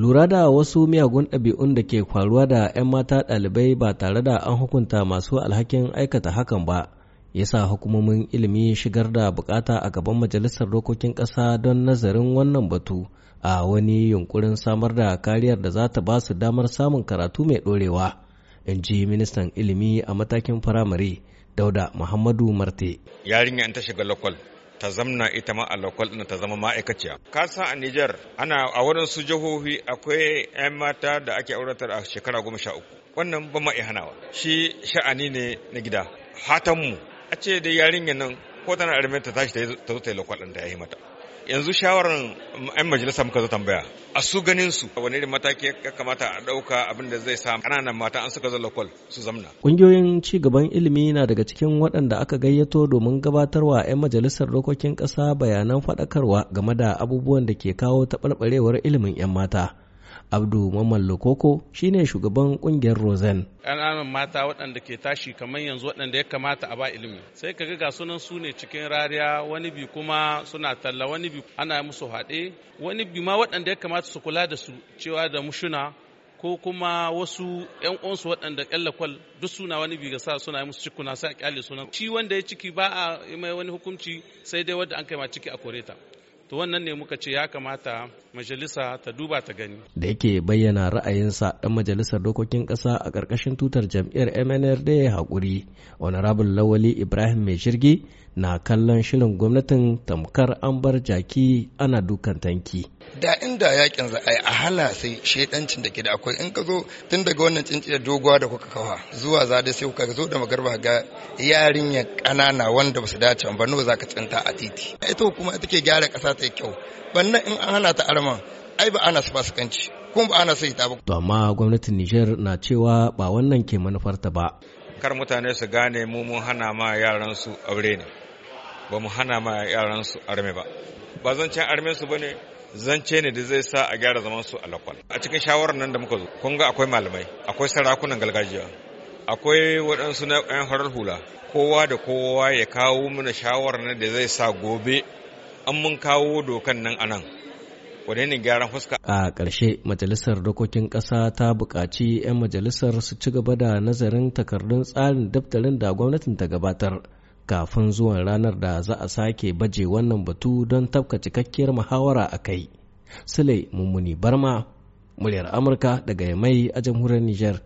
lura da wasu miyagun ɗabi'un da ke kwaruwa da 'yan mata ɗalibai ba tare da an hukunta masu alhakin aikata hakan ba ya sa hukumomin ilimi shigar da bukata a gaban majalisar dokokin ƙasa don nazarin wannan batu a wani yunkurin samar da kariyar da za ta ba su damar samun karatu mai ɗorewa in ji ministan ilimi a matakin firamare dauda muhammadu marte yarinya ta shiga lokal ta zamna ita ma a ɗin ta zama ma'aikaciya. Kasa a Nijar ana a wurin su jihohi akwai 'yan mata da ake auratar a shekara goma sha uku. Wannan ba ma hanawa. Shi sha'ani ne na gida. Hatanmu a ce da yarinya nan ko tana ta tashi ta zo ta yi lokal ɗin ta yi mata. yanzu shawarar 'yan majalisa muka zo tambaya a su ganin su wani irin mataki ya kamata a ɗauka abin da zai sa ƙananan mata an suka zo lokal su zamna ƙungiyoyin ci gaban ilimi na daga cikin waɗanda aka gayyato domin gabatarwa 'yan majalisar dokokin ƙasa bayanan faɗakarwa game da abubuwan da ke kawo taɓarɓarewar ilimin 'yan mata abdu mamman lokoko shine shugaban kungiyar rosen ƙananan mata waɗanda ke tashi kamar yanzu waɗanda ya kamata a ba ilimi sai ka ga sunan su ne cikin rariya wani bi kuma suna talla wani bi ana musu haɗe wani bi ma waɗanda ya kamata su kula da su cewa da mushuna ko kuma wasu yan uwansu waɗanda ƙyalla kwal duk suna wani bi ga sa suna musu cikuna sai a ƙyale sunan shi wanda ya ciki ba a mai wani hukunci sai dai wanda an kai ma ciki a koreta to wannan ne muka ce ya kamata majalisa ta duba ta gani da yake bayyana ra'ayinsa dan majalisar dokokin kasa a ƙarƙashin tutar jam'iyyar MNRD hakuri honorable lawali ibrahim mai shirgi na kallon shirin gwamnatin tamkar an bar jaki ana dukan tanki. Da inda yakin za a yi a hana sai shaidancin da ke da akwai in ka zo tun daga wannan cinciyar doguwa da kuka kawa zuwa za da sai kuka zo da magarba ga yarinya ƙanana wanda ba su dace ba nawa za ka tsinta a titi. Ita kuma ita ke gyara ƙasa ta kyau. Bannan in an hana ta arman ai ba ana su fasikanci kuma ba ana sai ta ba. To amma gwamnatin Nijar na cewa ba wannan ke manufarta ba. Kar mutane su gane mu mun hana ma yaran su aure ne. ba mu hana ma yaran su arme ba ba zancen arme su bane zance ne da zai sa a gyara zaman su a lakwal a cikin shawarar nan da muka zo kun ga akwai malamai akwai sarakunan gargajiya akwai waɗansu na ƴan farar hula kowa da kowa ya kawo mana shawarar nan da zai sa gobe an mun kawo dokan nan anan wadannan gyaran fuska. A ƙarshe majalisar dokokin ƙasa ta buƙaci 'yan majalisar su ci gaba da nazarin takardun tsarin daftarin da gwamnatin ta gabatar kafin zuwan ranar da za a sake baje wannan batu don tafka cikakkiyar muhawara a kai. Sule Mummuni Barma, muryar Amurka daga Yamai a jamhuriyar Nijar.